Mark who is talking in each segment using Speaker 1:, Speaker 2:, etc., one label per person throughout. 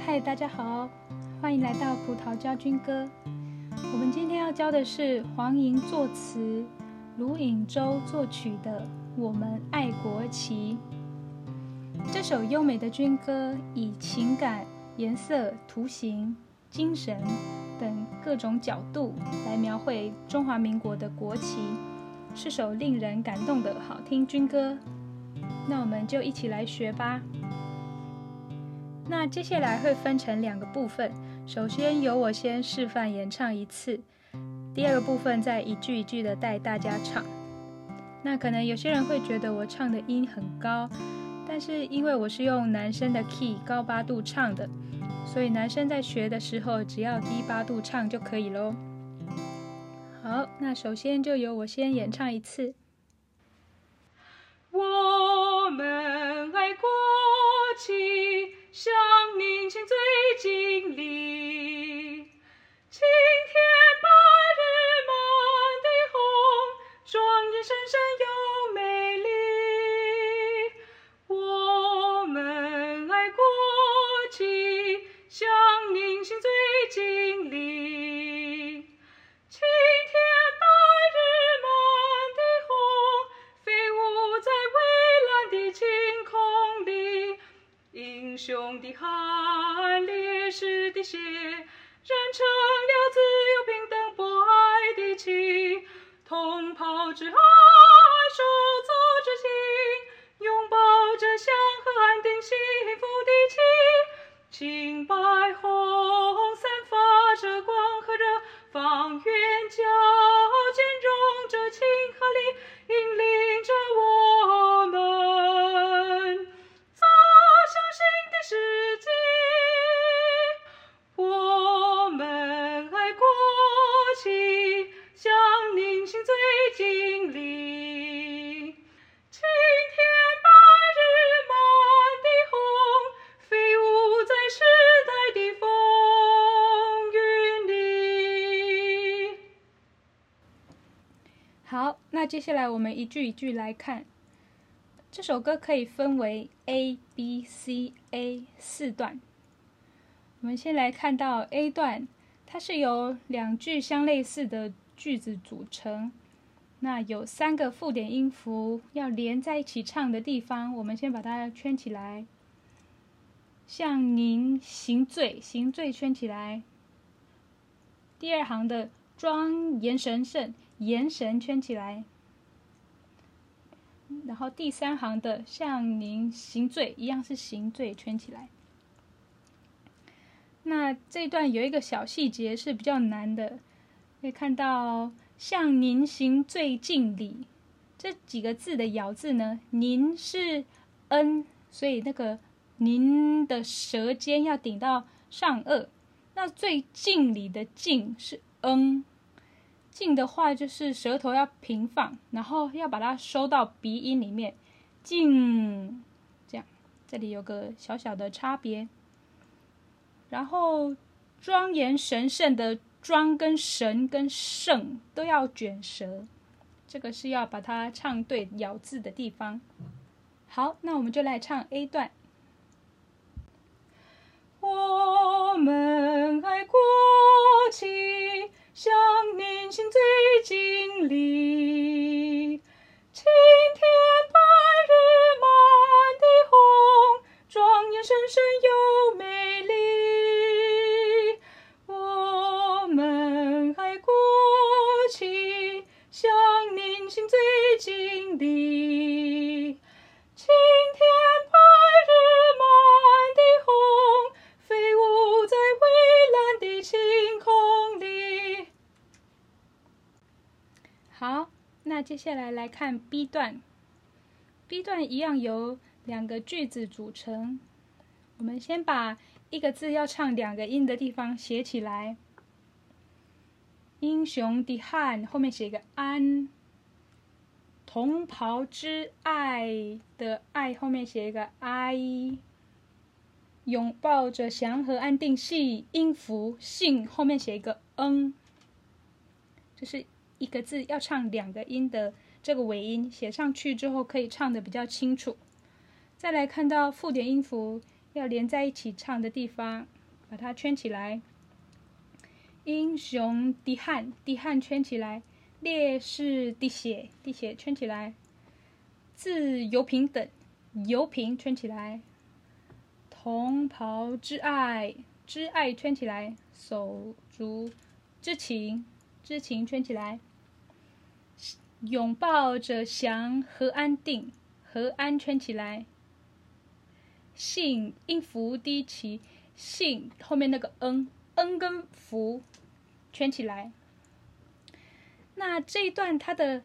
Speaker 1: 嗨，大家好，歡迎來到葡萄教軍歌。我們今天要教的是黃瑩作詞、盧穎州作曲的《我們愛國旗》。這首優美的軍歌，以情感、顏色、圖形、精神、等各種角度來描繪中華民國的國旗，是首令人感動的好聽軍歌。那我們就一起來學吧。那接下來會分成兩個部分，首先由我先示範演唱一次，第二個部分再一句一句的帶大家唱。那可能有些人會覺得我唱的音很高。但是因為我是用男生的 key 高八度唱的，所以男生在學的時候只要低八度唱就可以嘍。好，那首先就由我先演唱一次。我
Speaker 2: 們愛國旗，向您行最敬禮。的汗，烈士的血，染成了自由、平等、博愛的旗，同袍之愛。
Speaker 1: 接下來我們一句一句來看，
Speaker 2: 這
Speaker 1: 首歌可以分為 A B C A 四段。我們先來看到 A 段，它是由兩句相類似的句子組成。那有三個附點音符要連在一起唱的地方，我們先把它圈起來。向“您行最，行最”圈起來。第二行的“莊嚴神聖，嚴神圈起來。然後第三行的向您行最一樣是行最圈起來。那這一段有一個小細節是比較難的，可以看到向您行最敬禮這幾個字的咬字呢，您是 n，所以那個您的舌尖要頂到上顎。那最敬禮的敬是 n。敬的話就是舌頭要平放，然後要把它收到鼻音裡面，敬，這樣。這裡有個小小的差別。然後莊嚴神聖的莊跟神跟聖都要卷舌，這個是要把它唱對咬字的地方。
Speaker 2: 好，那我們就來唱 A 段。我們愛國旗，向您行最敬禮，青天白日滿地紅，莊嚴神聖又美。
Speaker 1: 那接下來來看 B 段。B 段一樣由兩個句子組成。我們先把一個字要唱兩個音的地方寫起來。英雄的汗後面寫一個安，同胞之愛的愛後面寫一個哀，擁抱着祥和安定幸音符幸後面寫一個嗯，這、就是。一個字要唱兩個音的這個尾音寫上去之後，可以唱得比較清楚。再來看到附點音符要連在一起唱的地方，把它圈起來。英雄的汗，的汗圈起來；烈士的血，的血圈起來；自由平等，由平圈起來；同袍之愛，之愛圈起來；手足之情，之情圈起來。擁抱着祥和、安定和安圈起來。信音符低起，信後面那個嗯嗯跟符圈起來。那這一段它的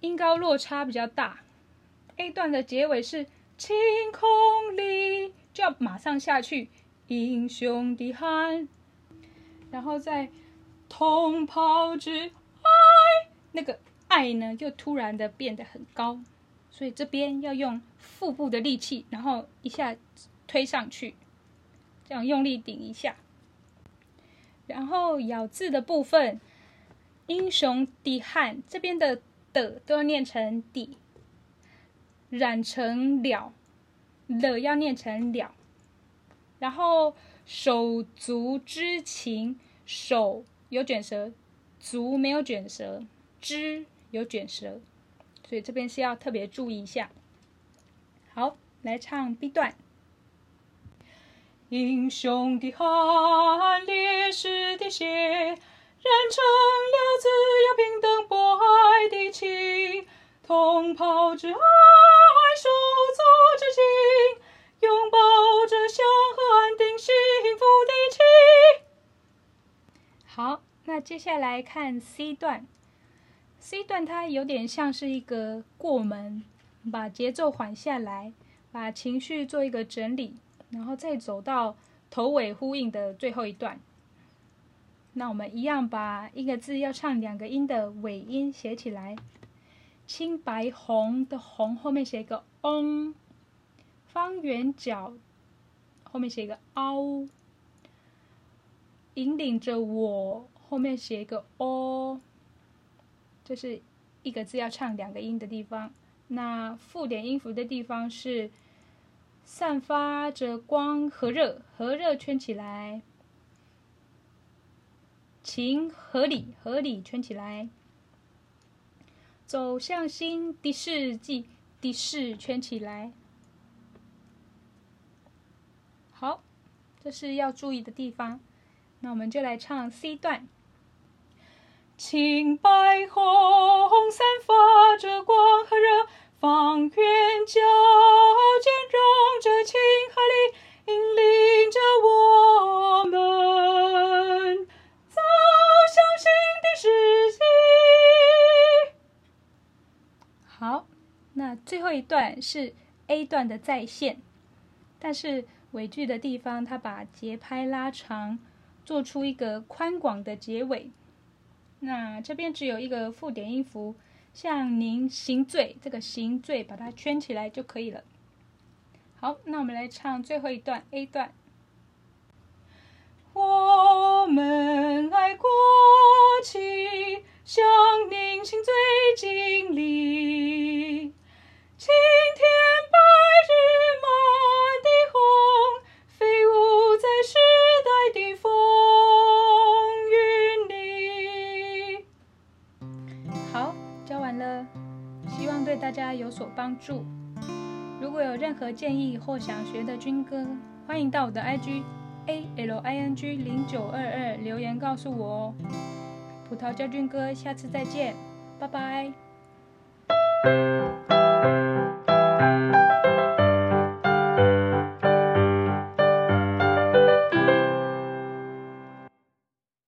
Speaker 1: 音高落差比較大。A 段的結尾是晴空裡，就要馬上下去英雄的汗，然後再同胞之愛那個。愛呢，就突然的變得很高，所以這邊要用腹部的力氣，然後一下推上去，這樣用力頂一下。然後咬字的部分，“英雄的汗”這邊的“的”都要念成“底”，染成了“了”要念成“了”，然後手足之情，手有卷舌，足沒有卷舌，之。有捲舌，所以這邊是要特別注意一下。
Speaker 2: 好，來唱 B 段。英雄的汗，烈士的血，染成了自由、平等、博愛的旗，同胞之愛，手足之情，擁抱着祥和、安定、幸福的旗。
Speaker 1: 好，那接下來看 C 段。C 段它有點像是一個過門，把節奏緩下來，把情緒做一個整理，然後再走到頭尾呼應的最後一段。那我們一樣把一個字要唱兩個音的尾音寫起來：青白紅的紅後面寫一個 ong，方圓角後面寫一個凹，引領着我後面寫一個 o。這是一個字要唱兩個音的地方。那附點音符的地方是散發着光和熱，和熱圈起來。情和理，和理圈起來。走向新的世紀，的世圈起來。好，這是要注意的地方。那我們就來唱 C 段。青白
Speaker 2: 紅散發着光和熱，方圓角兼容著情和理，引領着我們走向新的世紀。
Speaker 1: 好，那最後一段是 A 段的再現，但是尾句的地方，它把節拍拉長，做出一個寬廣的結尾。那這邊只有一個附點音符，向您行最，這個“行最”把它圈起來就可以
Speaker 2: 了。
Speaker 1: 好，那我們來唱最後一段 A 段。
Speaker 2: 我們愛國旗，向您行最敬禮，青天白日夢。
Speaker 1: 所幫助。如果有任何建議或想學的軍歌，歡迎到我的 IG A L I N G 零九二二留言告訴我哦。葡萄教軍歌，下次再見，拜拜。